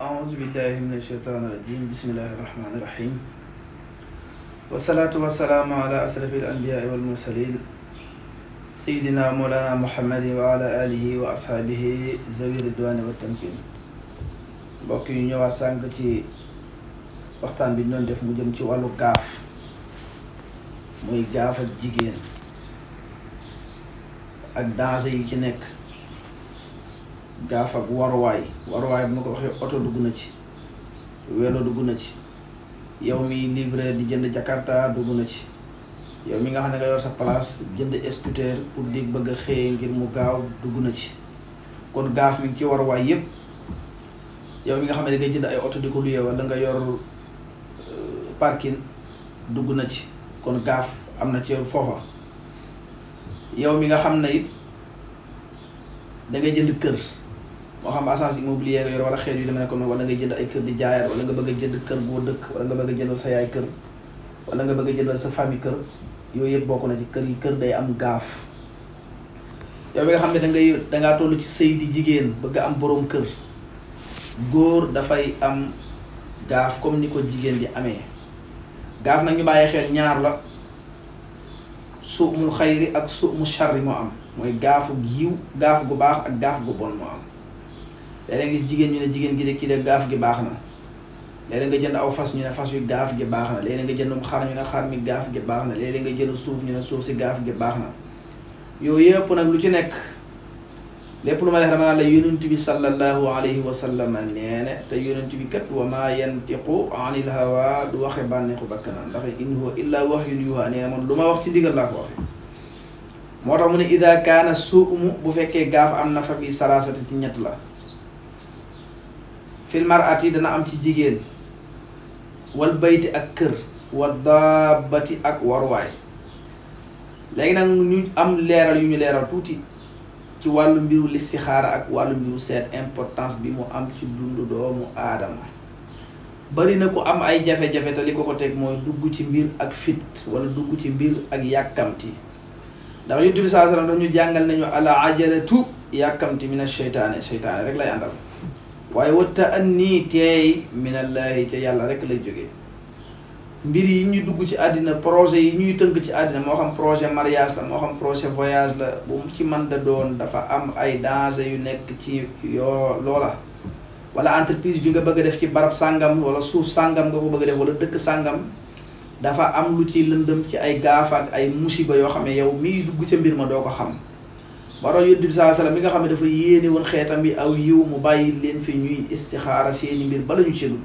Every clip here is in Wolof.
أعوذ بالله من الشيطان الرجيم بسم الله الرحمن الرحيم والصلاة والسلام على أسرف الأنبياء والمرسلين سيدنا مولانا محمد وعلى آله وأصحابه ذوي الرضوان والتمكين mbokk yi ñëwaat sànq ci waxtaan bi ñu doon def mu jëm ci wàllu gaaf muy gaaf ak jigéen ak danger gaaf ak waruwaay waruwaay bu ma ko waxee oto dugg na ci weelo dugg na ci yow mi livreur di jënd jakarta dugg na ci yow mi nga xam ne nga yor sa palaas jënd scooter pour di bëgg a xëye ngir mu gaaw dugg na ci kon gaaf mi ngi ci waruwaay yépp yow mi nga xam ne dangay jënd ay oto di ko luye wala nga yor euh, parking dugg na ci kon gaaf am na ci foofa yow mi nga xam ne it dangay jënd kër moo xam agence immobilière yor wala xeet yu demee ko wala nga jënd ay kër di jaayaat wala nga bëgg a jënd kër boo dëkk wala nga bëgg a jëndal sa yaay kër wala nga bëgg a jëndal sa famille kër yooyu yëpp bokk na ci kër yi kër day am gaaf yow ya, bi nga xam ne da ngay dangaa toll ci sëy di jigéen bëgg am boroom kër góor dafay am gaaf comme ni ko di amee gaaf nag ñu bàyyi xel ñaar la suumul xayri ak suumu charri moo am mooy gaafu yiw gaaf gu baax ak gaaf gu bon moo am léeg gis jigen ñu ne jigen gi de ki de gaaf gi baxna na nga jënd aw fas ñu ne fas yu gaaf gi baxna na nga jëndum xaar ñu ne xaar mi gaaf gi baxna na nga jënd suuf ñu ne suuf ci gaaf gi baxna na yooyu yëpp lu ci nek lepp lu ma leer la bi sallallahu alayhi wa sallam te bi kat wa ma yantiqu anil hawa du waxe bànneexu bakkanam ndax in huwa illa wahyun yuha nee man luma wax ci digal la ko waxe motax mu ne ida kana suumu bu fekke gaaf amna fa fi sarasati ci ñett la fil mar'ati dana am ci jigen wal bayti ak keur wad dabati ak warway legi nak ñu am leral yu ñu leral tuuti ci walu mbiru listixaara ak walu mbiru set importance bi mu am ci dundu doomu adam bari na ko am ay jafe-jafe te liko ko tek moy duggu ci mbir ak fit wala duggu ci mbir ak da ndax yonent bi alaihi wasallam ñu jangal nañu ala ajalatu yakamti mina shaitani shaitani rek lay andal waaye watta an nii teey minallahi ca yàlla rek lay jóge mbir yi ñuy dugg ci àddina projet yi ñuy tënk ci àddina moo xam projet mariage la moo xam projet voyage la bu mu ci man da doon dafa am ay danger yu nekk ci yoo loola wala entreprise bi nga bëgg a def ci barab sàngam wala suuf sàngam nga ko bëgg a def wala dëkk sàngam dafa am lu ci lëndëm ci ay gaaf ak ay musiba yoo xam ne yow miy dugg ca mbir ma doo ko xam baro yonent bi sallallahu alayhi salaam mi nga xamne dafa yene won xetam bi aw yiw mu bàyyi len fi ñuy istikhara seen mbir ba lañu cedul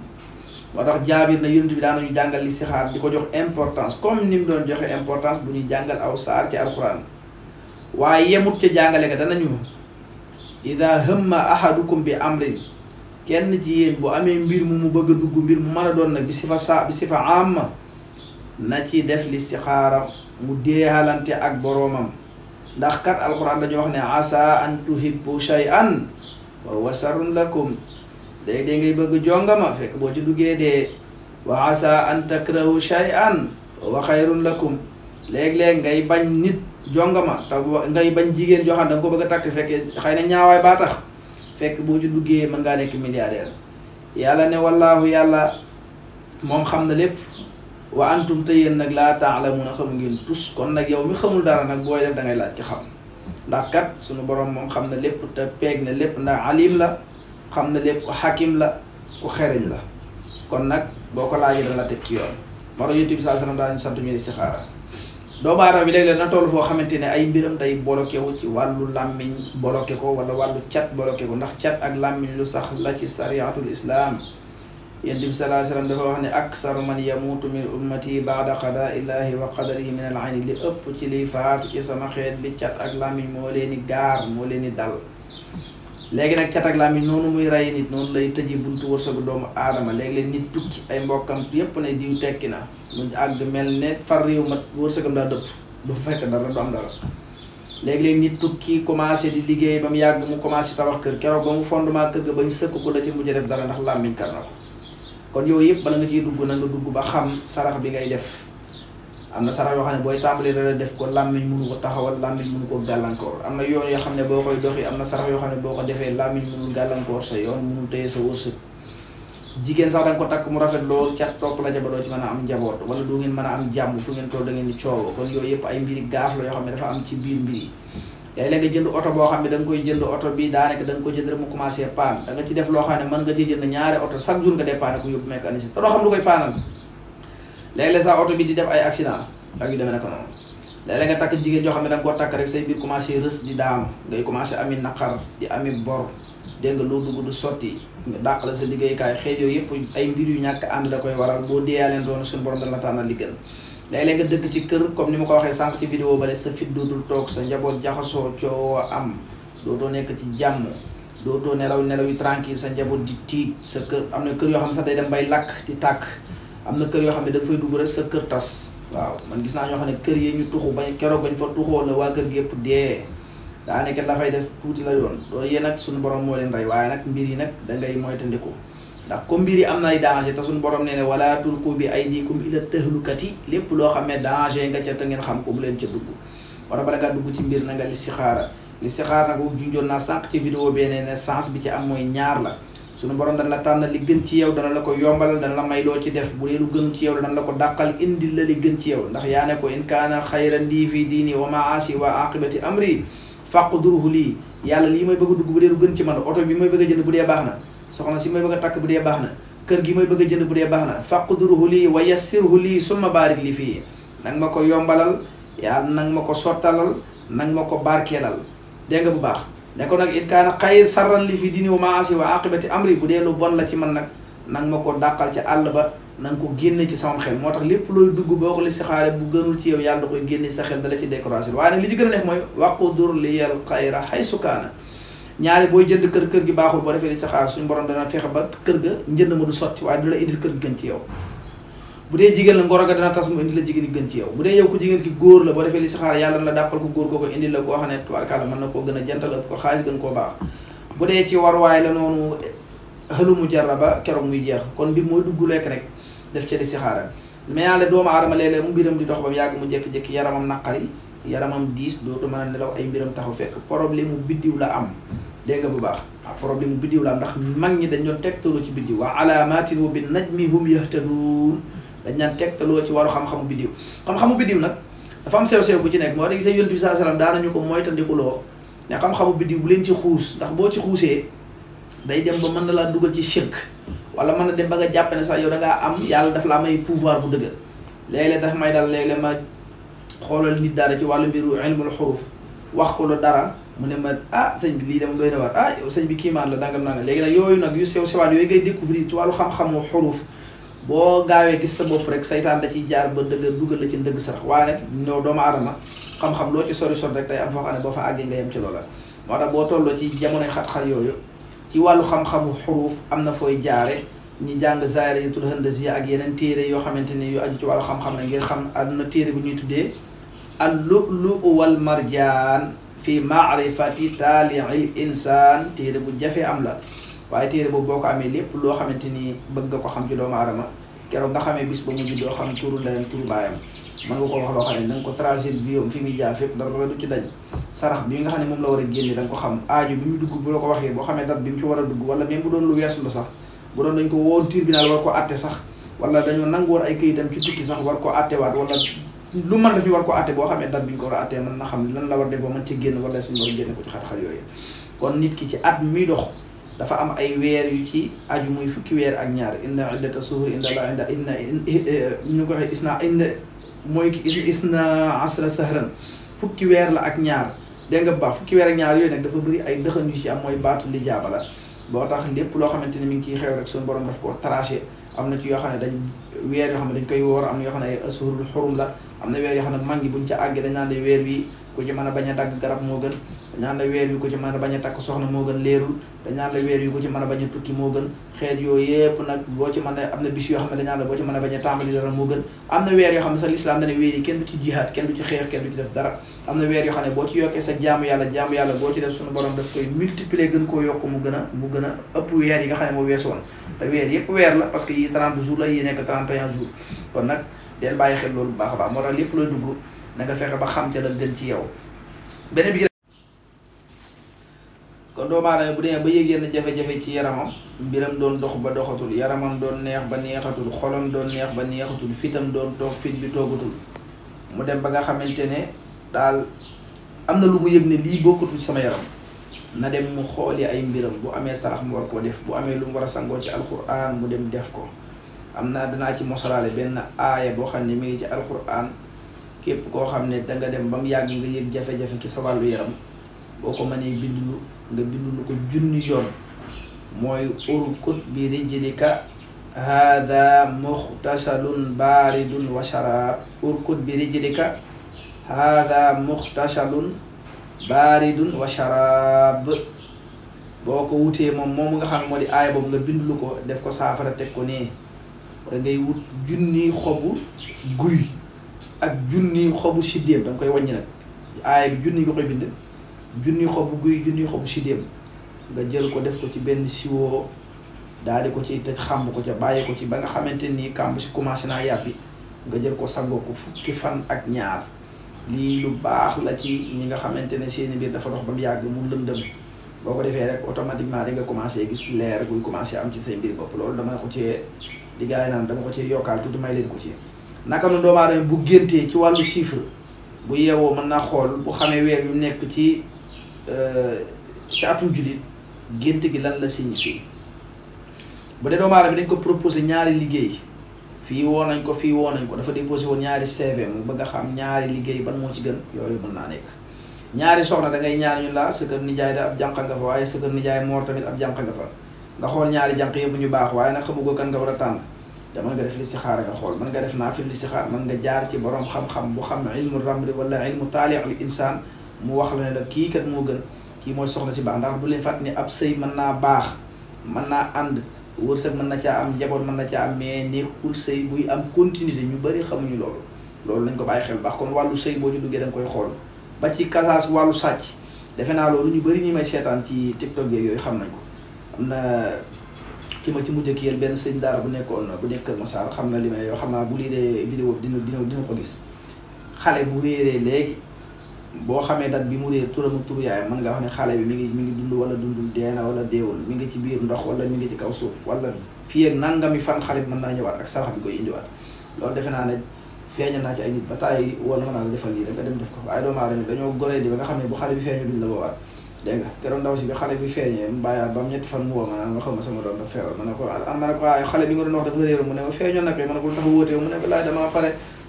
moo tax jaabir na yonent bi da nañu jàngal li istikhara diko jox importance comme nim doon joxe importance bu ñu jàngal aw saar ci alquran waye yemut ci jàngale ka danañu idha hëmma ahadukum bi amrin kenn ci yéen bu amé mbir mu mu bëgg dugg mbir mu mën doon nak bi sifa sa bi sifa fa amma na ci def li istikhara mu déhalanté ak boromam ndax kat alxuraan dañu wax ne asa an tuhibbu shay'an wa huwa lakum léegi dee ngay bëgg jongama fekk boo ci duggee dee wa asa an takrahu shay'an wa huwa xayrun lakum léeg-léeg ngay bañ nit jongama te ngay bañ jigéen joo xam da nga ko bëgg a takk fekk xëy na ñaawaay baa tax fekk boo ci duggee mën ngaa nekk milliardaire yàlla ne wallaahu yàlla moom xam na lépp waa antum te yéen nag laa la mën a xamu ngeen tus kon nag yow mi xamul dara nag booy def da laaj ci xam ndax kat suñu borom moom xam ne lépp te peeg na lépp ndax alim la xam na lépp ku xakim la ku xereñ la kon nag boo ko laajee dana la teg ci yoon maro yonent bi saa sallam daañu sant ñu istixaara doomu aadama bi léeg-léeg na toll foo xamante ne ay mbiram day bloqué wu ci wàllu làmmiñ bloqué ko wala wàllu cat bloqué ko ndax cat ak làmmiñ lu sax la ci sariatul islaam يندب صلى الله عليه وسلم دفعه أن أكثر من يموت من أمتي بعد قضاء الله وقدره من العين لأب تلي فات كسما خير بيتشات أقلام مولين غار مولين دل لكن أكثر أقلام نون ميراي نت نون لا يتجي بنتو وسق دوم آدم لكن نت تك أي مبكم تيبون يديو تكنا من أعد مل نت فريو مت وسق دوم دب دفعك دارا دوم دارا léeg léeg nit tukki commencé di liggéey ba mu yàgg mu commencé tabax kër keroog ba mu fondement kër ga bañ sëkk ko la ci mujj def dara ndax làmmiñ kar na ko kon yooyu yëpp bala nga ciy dugg na nga dugg ba xam sarax bi ngay def am na sarax yoo xam ne booy tàmbalee dara def ko làmmiñ mënu ko taxawal làmmiñ mënu ko gàllankoor am na yoon yoo xam ne boo koy doxi am na sarax yoo xam ne boo ko defee làmmiñ mënul gàllankoor sa yoon mënul téye sa wërsëg jigéen sax da ko takk mu rafet loolu ca topp la ca ba doo ci mën a am njaboot wala doo ngeen mën a am jàmm fu ngeen toll da ngeen di coow kon yooyu yëpp ay mbiri gaaf la xam ne dafa am ci biir mbir léeg-léeg nga jënd oto boo xam ne da koy jënd oto bi daanaka da nga ko jënd rek mu commencé paan da nga ci def loo xam ne mën nga ci jënd ñaari oto chaque jour nga dépanne ko yóbbu sa bi di ay accident ak yu demee naka noonu léeg-léeg nga takk jigéen joo xam ne da nga koo takk rek say biir commencé rës di daanu ngay commencé ami naqar di ami bor dégg nga loo dugg du sotti nga dàq la sa liggéeykaay xëy yooyu yëpp ay mbir yu ñàkk ànd da koy waral boo deeyaa leen doon suñu borom dana la tànnal li gën léeg-léeg nga dëkk ci kër comme ni ma ko waxee sànq ci vidéo bale sa fit dootul toog sa njaboot jaxasoo coowoo am dootoo nekk ci jàmm dootoo nelaw nelaw yi tranquille sa njaboot di tiit sa kër am na kër yoo xam ne sax day dem bay lakk di tàkk am na kër yoo xam ne da fay dugg rek sa kër tas waaw man gis naa ñoo xam ne kër yi ñu tuxu bañ keroog bañ fa tuxoo la waa kër gépp dee daa nekk la fay des tuuti la yoon loolu yéen nag suñu borom moo leen rey waaye nag mbir yi nag da ngay moytandiku ndax comme mbir yi am na ay danger te suñu borom nee ne wala tulku bi aydikum ila tahlukati lépp loo xam ne danger nga ca te ngeen xam ko bu leen ca dugg wala bala ngaa dugg ci mbir na nga listixaara listixaara nag boobu junjoon naa sànq ci vidéo bene ne sens bi ci am mooy ñaar la suñu boroom dana la tànn li gën ci yow dana la ko yombalal dana la may loo ci def bu dee lu gën ci yow dana la ko dàqal indil la li gën ci yow ndax yaa ne ko in kaana xayran lii fii diini lii yàlla lii may bëgg a dugg bu dee gën ci man oto bi bëgg a bu dee baax na soxna si may bëgg tak bu dé baxna kër gi may bëgg jënd bu dé baxna na faqdurhu wa yassirhu summa barik li fi nang mako yombalal ya nang mako sotalal nang ma ko barkeelal nga bu baax ne ko nak it kana sarran li fi dini wa maasi wa aqibati amri bu dé lu bon la ci man nak nang mako dakal ci àll ba nanga ko génne ci sama xel motax lepp loy dugg boo li sixaare bu gënul ci yow yalla koy génne sa xel dala ci décoration wa li ci neex waqdur haythu kana ñaari booy jënd kër kër gi baaxul boo defee li saxaar suñu borom dana fexe ba kër ga njënd ma du sotti waaye dina la indil kër gi gën ci yow bu dee jigéen la ngoro ga dana tas mu indi la jigéen yi gën ci yow bu dee yow ku jigéen ki góor la boo defee li saxaar yàlla na la dàppal ko góor googu indi la koo xam ne tubaarkàlla mën na koo gën a jantal ëpp ko xaalis gën koo baax bu dee ci warwaay la noonu xëlu mu jarra ba keroog muy jeex kon mbir mooy duggu lekk rek def ca li saxaara mais yàlla doomu aadama léeg-léeg mu mbiram di dox ba yàgg mu jékki-jékki yaramam naqari yaramam diis dootu mën a nelaw ay mbiram fekk problème mu biddiw la am dégg nga bu baax waaw ah, problème biddiw la ndax mag ñi dañ doon tegtaloo ci biddiw wa alaamaatin wa bin najmi hum yahtaduun dañ naan tegtaloo ci waru xam-xamu biddiw xam-xamu biddiw nag dafa am sew bu ci nekk moo tax gisee yonent bi saa salaam daanañu ko moytandikuloo ne xam-xamu biddiw bu leen ci xuus ndax boo ci xuusee day dem ba mën na laa dugal ci shirk wala mën na dem ba nga jàpp ne sax yow da am yàlla daf laa may pouvoir bu dëgër léeg-léeg daf may dal léeg-léeg ma xoolal nit dara ci wàllu mbiru ilmul xuruf wax ko lu dara mune ma ah sëñ bi li dem doy na war ah yow sëñ bi ma la dangal nangal legui nak yoyu nak yu sew sewaan yoy ngay découvrir ci walu xam xam-xamu huruf bo gaawee gis sa bop rek saytaan da ci jaar ba dëgg duggal la ci ndëgg sarax waaye nag ñoo doomu adama xam-xam lo ci sori sori rek tay am fo xane bo fa agge nga yem ci lola motax bo tollo ci jamono xat-xat yoyu ci walu xam xam xuruuf am na fooy jaare ñi jàng zaire yu yi hande handasiya ak yenen téré yo xamanteni yu aju ci walu xam xam-xam na ngir xam am téré bu ñuy tuddé al lu'lu wal marjan fi ma'rifati tali'il insan téere bu jafé am la waye téere bu boko amé lepp lo xamanteni bëgg ko xam ci dooma aadama kéro nga xamé bis bu mu juddoo xam turu ndeyam turu bayam man nga ko wax lo ko tracé viom fi mi jaar fépp dara du ci dañ sarax bi nga xamné mom la wara a génne ko xam aaju bi mu dugg bu lako waxé bo xamé dat bi mu ci wara dugg wala même bu doon lu weesu la sax bu doon dañ ko won tribunal war ko atté sax wala dañu nangu war ay dem ci tukki sax war ko wat wala lu man def ñu war ko àtte boo xamee date bi ñu ko war àttee mën na xam lan la war def ba mën ci génn wala suñu war génn ko ci xat-xat yooyu kon nit ki ci at mi dox dafa am ay weer yu ci aju muy fukki weer ak ñaar inna iddata suhur inda la inda inna eh, ñu ko waxee isna inda mooy ki isna asra sahran fukki weer la ak ñaar dégg nga baax fukki weer ak ñaar yooyu nag dafa bëri ay dëxan yu ci am mooy baatu li jaaba la boo tax lépp loo xamante ni mi ngi ciy xew rek suñu borom daf ko tranché am na ci yoo xam ne dañ ويا يا حمد كيور أمي يا خنا أسهر الحرم لا أمي ويا يا خنا مانجي بنتي أجدنا دوير بي ku ci a bañ a dagg garab moo gën dañaan la weer yu ku ci a bañ a takk soxna moo gën leerul dañaan la ci mën a a na bis la boo ci mën a bañ a tàmbali dara moo gën am kenn du ci jihaad kenn du ci xeex kenn du ci def dara am na weer yoo xam ne boo ci yokkee sa jaamu yàlla jaamu yàlla boo ci def suñu borom daf koy multiplier gën koo yokk mu gën mu gën ëpp weer yi nga xam ne moo weesu woon te weer yépp weer la parce que yi 30 jours la yi nekk 31 jours kon nag deel bàyyi xel loolu bu baax a baax moo tax lépp looy dugg na fexe ba xam ca la dël ci yow beneen bi kon doomu bu demee ba yëg yenn jafe-jafe ci yaramam mbiram doon dox ba doxatul yaramam doon neex ba neexatul xolam doon neex ba neexatul fitam doon toog fit bi toogatul mu dem ba nga xamante ne daal am na lu mu yëg ne lii bokkatul sama yaram na dem mu xooli ay mbiram bu amee sarax mu war koo def bu amee lu mu war a sangoo ci alquran mu dem def ko am naa danaa ci mosalaale benn aaya boo xam ne mi ngi ci alquran képp koo xam ne danga dem ba mu yàgg nga yëg jafe-jafe ci sa wàllu yaram boo ko mënee bindulu nga bindulu ko junni yoon mooy urkut bi rijlika hada muxtasalun baaridun wa sharaab urkut bi rijlika hada muxtasalun baaridun wa sharaab boo ko wutee moom moom nga xam moo di aay boobu nga bindulu ko def ko saafara teg ko nee wala ngay wut junni xobu guy ak junni xobu siddéem dang koy wagn nak ay bi junni ngokoy bind junni xobu guy junni xobu siddéem nga jël ko def ko ci ben siwoo daal di ko ci tëj xam ko ci baye ko ci ba nga xamanteni ni ci si commencé naa yàbbi nga jël ko sango ko fukki fan ak ñaar lii lu bax la ci ñi nga xamanteni seen seeni dafa dox ba yag mu lendeum boko defé rek automatiquement nga commencé gis lèr guy commencé am ci seen mbir bop lolou dama ko ci di gars dama ko ci yokal tuddu may leen ko ci naka no doom aadama bu genté ci walu chiffre bu yewoo mën naa xool bu xamee weer yu nekk ci euh, ci atum julit gént gi lan la signifie bu dee doomu aadama bi dañ ko proposé ñaari liggéey fii woo nañ ko fii woo nañ ko dafa déposé woon ñaari CV mu bëgg a xam ñaari liggéey ban moo ci gën yooyu mën naa nekk ñaari soxna da ngay ñaar ñu laa sa kër nijaay da ab jànq nga fa waaye sa kër nijaay moor tamit ab jànq nga fa nga xool ñaari jànq yëpp ñu baax waaye nag xamu ko kan nga war a tànn te mën nga def listixaar nga xool mën nga def naafil listixaar mën nga jaar ci borom xam-xam bu xam ilmu ramli wala ilmu taaliq li mu wax la ne la kii kat moo gën kii mooy soxna si baax ndax bu leen fàtt ni ab sëy man naa baax man naa ànd wërsëg mën na caa am njaboot man na caa am mais nekkul sëy buy am continuité ñu bëri xamuñu loolu loolu lañ ko bàyyi xel baax kon wàllu sëy boo ci duggee da nga koy xool ba ci kasaas wàllu sàcc defe naa loolu ñu bëri ñi may seetaan ci tiktok yeeg yooyu xam nañ ko ki ma ci mujj ak yéen benn sëñ daara bu nekkoon bu nekk Kër Massar xam na li may yoo xam naa bu lii dee vidéo bi dina dina ko gis xale bu réeree léegi boo xamee dat bi mu réer turam ak turu yaayam mën nga xam ne xale bi mi mi ngi dund wala dundul dee wala deewul mi ngi ci biir ndox wala mi ngi ci kaw suuf wala fii ak nangami fan xale bi mën naa ñëwaat ak sarax bi koy indiwaat loolu defe naa ne feeñal naa ci ay nit ba taay woon mën naa la defal lii rek nga dem def ko waaye doomu aadama dañoo goree di ba nga xam ne bu xale bi feeñu duñ la boowaat dégg nga keroog ndaw si bi xale bi feeñee mu bàyyaat ba mu ñetti fan mu woo ma naan ma xaw ma sama doom dafa feebar ma ne ko ah ma ne ko ah xale bi na ko ma ne ko lu tax wóotee mu ne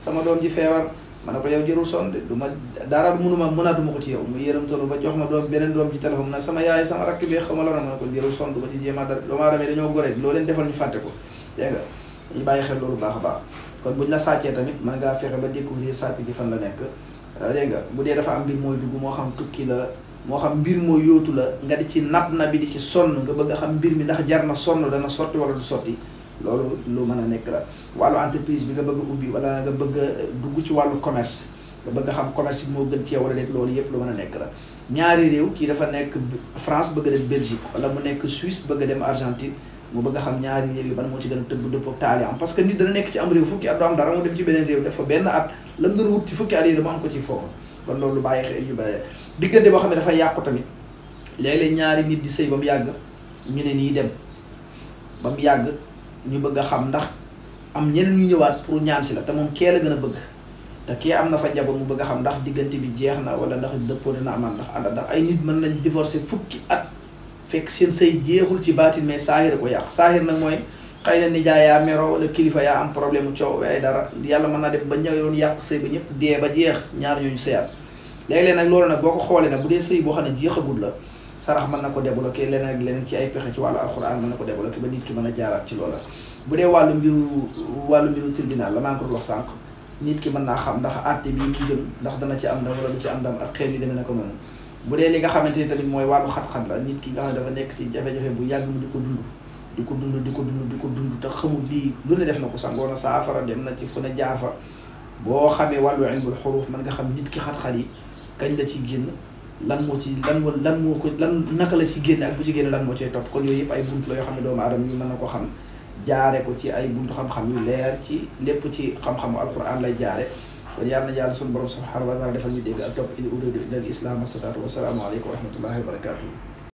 sama doom ji feebar ma ne ko yow jërul sonn ma dara mënuma mënaatuma ko ci yow mu ba jox ma doom beneen doom ji téléphone na sama yaay sama rakk bi loo leen baax a baax kon buñ la sàccee tamit mën ngaa fexe ba découvrir sàcc gi fan la nekk euh, dégg nga bu dee dafa am mbir mooy dugg moo xam tukki la moo xam mbir moo yootu la nga di ci nab na bi di ci sonn nga bëgg xam mbir mi ndax jar na sonn dana sotti wala du sotti loolu lu mën a nekk la wàllu entreprise bi nga bëgg ubbi wala nga bëgg dugg ci wàllu commerce nga bëgg xam commerce bi moo gën ci yow wala loolu yëpp lu mën a nekk la ñaari réew kii dafa nekk France bëgg a dem Belgique wala mu nekk Suisse bëgg a dem Argentine mu bëgg a xam ñaari réew yi ban moo ci gën a tëbb dëppoo taali am nekk ci am réew fukki at du am benn at lam doon wut ci fukki at ko ci foofu kon loolu bàyyi xel yu bare diggante boo xam ne dafa yàqu tamit léeg-léeg ñaari nit di sëy ba mu yàgg ñu ne nii dem ba mu yàgg ñu bëgg a xam ndax am ñeneen ñu ñëwaat pour ñaan si la te moom kee la gën a bëgg te kee am na fa njaboot mu bëgg a xam ndax diggante bi jeex na wala ndax dëppoo dina amal ndax ànd ndax ay nit mën nañ divorcer fukki at fekk seen sëy jeexul ci baatin mais saahir ko yàq saahir nag mooy xëy ni jaaya mero wala kilifa ya am problème ciow way ya, dara yalla man na def ba ñëw yoon yaq sey ba ñep dee ba jeex ya, ñaar ñu sëyaat léeg-léeg nak loolu nak boko xolé nak budé sey bo xamné jeexagul la sarax man nako ko débloqué leneen ak leneen ci ay pexé ci wàllu alcorane man na ko débloqué ba nit ki mëna a ci loola budé walu mbiru walu mbiru tribunal la man ko wax sank nit ki mëna xam ndax atté bi mu jël ndax dana ci am ndam wala ci am ndam ak xeet yi demee na ko noonu li nga xamante tamit moy walu xat-xat la nit ki nga dafa nekk ci jafé jafé bu yàgg mu diko ko dund di ko dund di ko dund di ko dund te xamul lii lu ne def na ko sangoon a saafara dem na ci fu ne jaar boo xamee wàllu ilmul xuruuf man nga xam nit ki xat yi kañ ciy génn lan moo ci lan moo lan moo ko lan naka la ci génn ak bu ci génn lan moo cee topp kon yooyu yëpp ay bunt la yoo xam ne doomu aadama yi mën na ko xam jaare ko ci ay bunt xam-xam yu leer ci lépp ci xam-xamu alquran lay jaare kon yàlla na yàlla sunu borom subhanahu wa taala defal ñu dégg ak topp in uridu illa al islam asalaatu wasalaamu aleykum wa rahmatullahi wa barakatuh